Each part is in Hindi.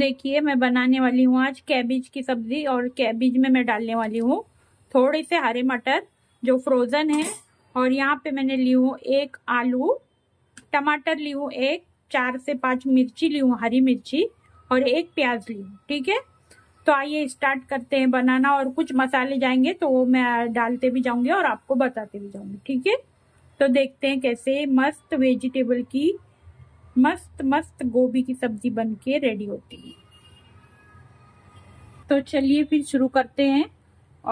देखिए मैं बनाने वाली हूँ आज कैबिज की सब्जी और कैबिज में मैं डालने वाली हूँ थोड़े से हरे मटर जो फ्रोज़न है और यहाँ पे मैंने ली हूँ एक आलू टमाटर ली हूँ एक चार से पाँच मिर्ची ली हूँ हरी मिर्ची और एक प्याज ली हूँ ठीक है तो आइए स्टार्ट करते हैं बनाना और कुछ मसाले जाएंगे तो वो मैं डालते भी जाऊंगी और आपको बताते भी जाऊंगी ठीक है तो देखते हैं कैसे मस्त वेजिटेबल की मस्त मस्त गोभी की सब्जी बन के रेडी होती है तो चलिए फिर शुरू करते हैं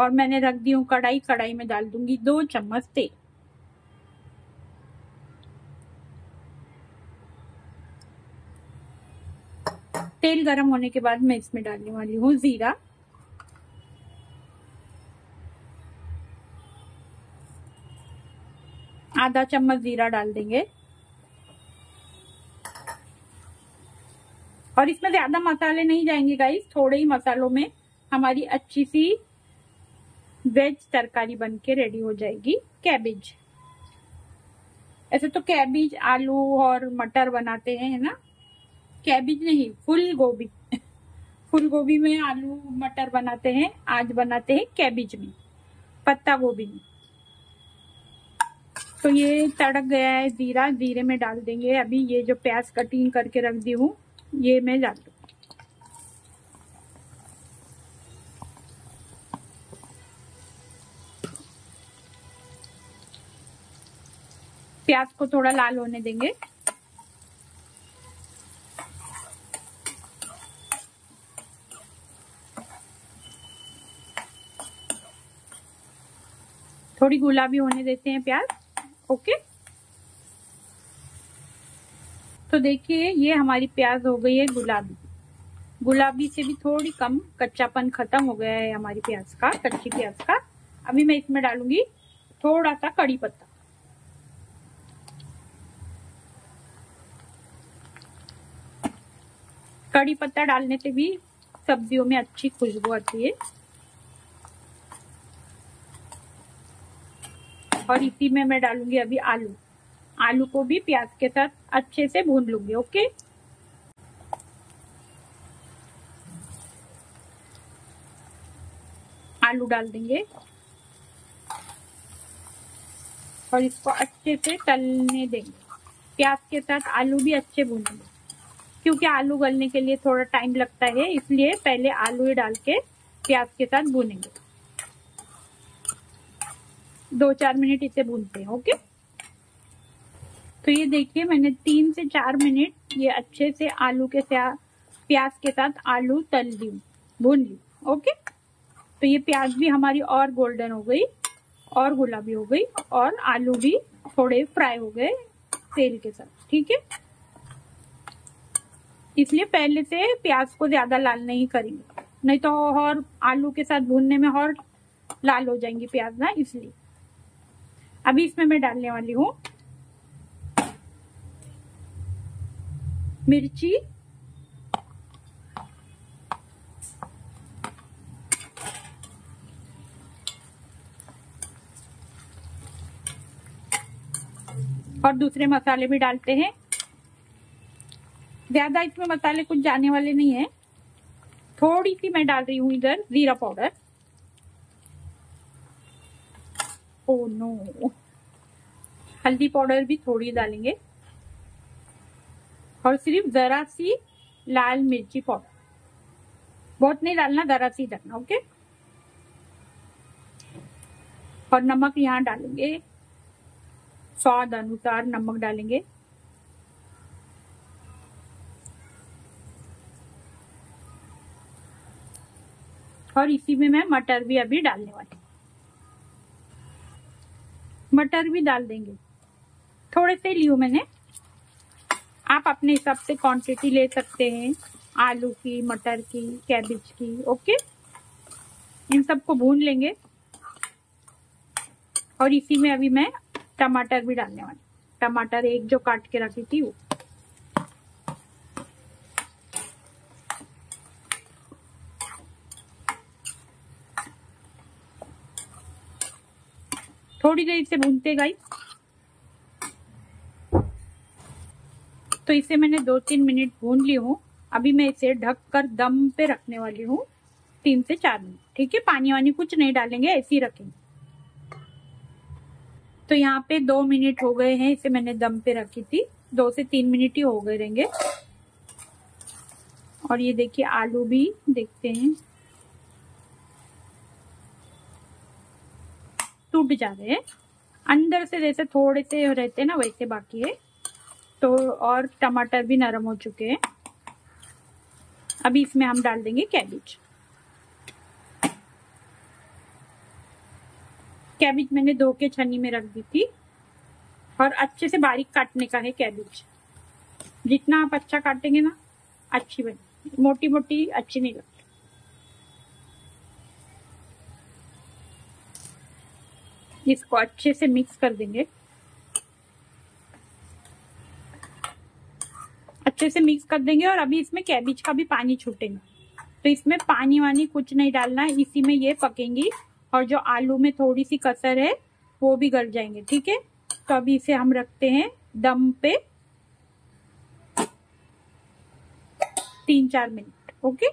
और मैंने रख दी हूँ कढ़ाई कढ़ाई में डाल दूंगी दो चम्मच तेल तेल गरम होने के बाद मैं इसमें डालने वाली हूँ जीरा आधा चम्मच जीरा डाल देंगे और इसमें ज्यादा मसाले नहीं जाएंगे गाइस थोड़े ही मसालों में हमारी अच्छी सी वेज तरकारी बन के रेडी हो जाएगी कैबेज ऐसे तो कैबेज आलू और मटर बनाते हैं है ना कैबेज नहीं फुल गोभी फुल गोभी में आलू मटर बनाते हैं आज बनाते हैं कैबेज में पत्ता गोभी में तो ये तड़क गया है जीरा जीरे में डाल देंगे अभी ये जो प्याज कटिंग करके रख दी हूँ ये मैं डाल दूँ प्याज को थोड़ा लाल होने देंगे थोड़ी गुलाबी होने देते हैं प्याज ओके तो देखिए ये हमारी प्याज हो गई है गुलाबी गुलाबी से भी थोड़ी कम कच्चापन खत्म हो गया है हमारी प्याज का कच्ची प्याज का अभी मैं इसमें डालूंगी थोड़ा सा कड़ी पत्ता कड़ी पत्ता डालने से भी सब्जियों में अच्छी खुशबू आती है और इसी में मैं डालूंगी अभी आलू आलू को भी प्याज के साथ अच्छे से भून लूंगी ओके आलू डाल देंगे और इसको अच्छे से तलने देंगे प्याज के साथ आलू भी अच्छे भूनेंगे क्योंकि आलू गलने के लिए थोड़ा टाइम लगता है इसलिए पहले आलू ही डाल के प्याज के साथ भूनेंगे दो चार मिनट इसे भूनते हैं ओके तो ये देखिए मैंने तीन से चार मिनट ये अच्छे से आलू के प्याज के साथ आलू तल ली भून ली ओके तो ये प्याज भी हमारी और गोल्डन हो गई और गुलाबी हो गई और आलू भी थोड़े फ्राई हो गए तेल के साथ ठीक है इसलिए पहले से प्याज को ज्यादा लाल नहीं करेंगे नहीं तो और आलू के साथ भूनने में और लाल हो जाएंगी प्याज ना इसलिए अभी इसमें मैं डालने वाली हूँ मिर्ची और दूसरे मसाले भी डालते हैं ज्यादा इसमें मसाले कुछ जाने वाले नहीं है थोड़ी सी मैं डाल रही हूं इधर जीरा पाउडर ओ oh नो हल्दी पाउडर भी थोड़ी डालेंगे और सिर्फ जरा सी लाल मिर्ची पाउडर बहुत नहीं डालना जरा सी डालना ओके और नमक यहाँ डालेंगे स्वाद अनुसार नमक डालेंगे और इसी में मैं मटर भी अभी डालने वाली मटर भी डाल देंगे थोड़े से लियो मैंने आप अपने हिसाब से क्वांटिटी ले सकते हैं आलू की मटर की कैबिज की ओके इन सबको भून लेंगे और इसी में अभी मैं टमाटर भी डालने वाली टमाटर एक जो काट के रखी थी वो थोड़ी देर से भूनते गई तो इसे मैंने दो तीन मिनट भून ली हूँ अभी मैं इसे ढक कर दम पे रखने वाली हूँ तीन से चार मिनट ठीक है पानी वानी कुछ नहीं डालेंगे ऐसे ही रखेंगे तो यहाँ पे दो मिनट हो गए हैं इसे मैंने दम पे रखी थी दो से तीन मिनट ही हो गए रहेंगे और ये देखिए आलू भी देखते हैं टूट जा रहे हैं अंदर से जैसे थोड़े से रहते हैं ना वैसे बाकी है तो और टमाटर भी नरम हो चुके हैं अभी इसमें हम डाल देंगे कैबिज कैबिज मैंने धो के छन्नी में रख दी थी और अच्छे से बारीक काटने का है कैबिज जितना आप अच्छा काटेंगे ना अच्छी बनेगी मोटी मोटी अच्छी नहीं लगती इसको अच्छे से मिक्स कर देंगे अच्छे से मिक्स कर देंगे और अभी इसमें कैबिज का भी पानी छूटेगा तो इसमें पानी वानी कुछ नहीं डालना है इसी में ये पकेंगी और जो आलू में थोड़ी सी कसर है वो भी गल जाएंगे ठीक है तो अभी इसे हम रखते हैं दम पे तीन चार मिनट ओके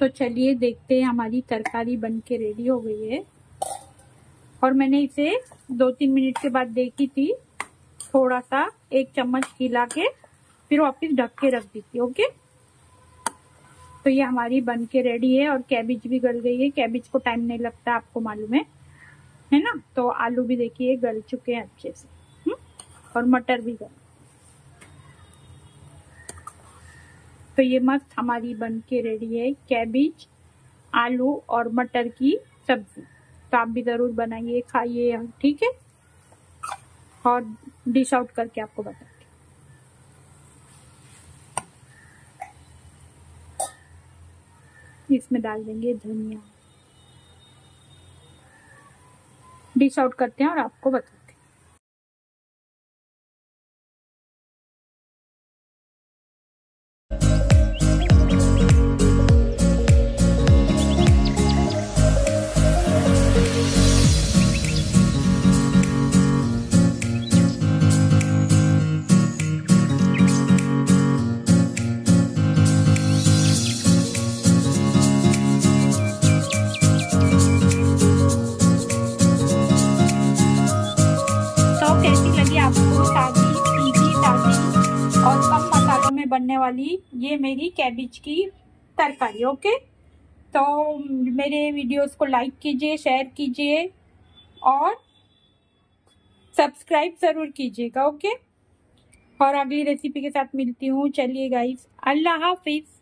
तो चलिए देखते हैं हमारी तरकारी बन के रेडी हो गई है और मैंने इसे दो तीन मिनट के बाद देखी थी थोड़ा सा एक चम्मच हिला के फिर वापिस ढक के रख दीजिए ओके तो ये हमारी बन के रेडी है और कैबिज भी गल गई है कैबिज को टाइम नहीं लगता आपको मालूम है है ना तो आलू भी देखिए गल चुके हैं अच्छे से हुँ? हम्म? और मटर भी गल तो ये मस्त हमारी बन के रेडी है कैबिज आलू और मटर की सब्जी तो आप भी जरूर बनाइए खाइए ठीक है और डिश आउट करके आपको बताती इसमें डाल देंगे धनिया डिश आउट करते हैं और आपको बताते बनने वाली ये मेरी कैबिज की तरकारी ओके तो मेरे वीडियोस को लाइक कीजिए शेयर कीजिए और सब्सक्राइब ज़रूर कीजिएगा ओके और अगली रेसिपी के साथ मिलती हूँ चलिए गाइस अल्लाह हाफिज़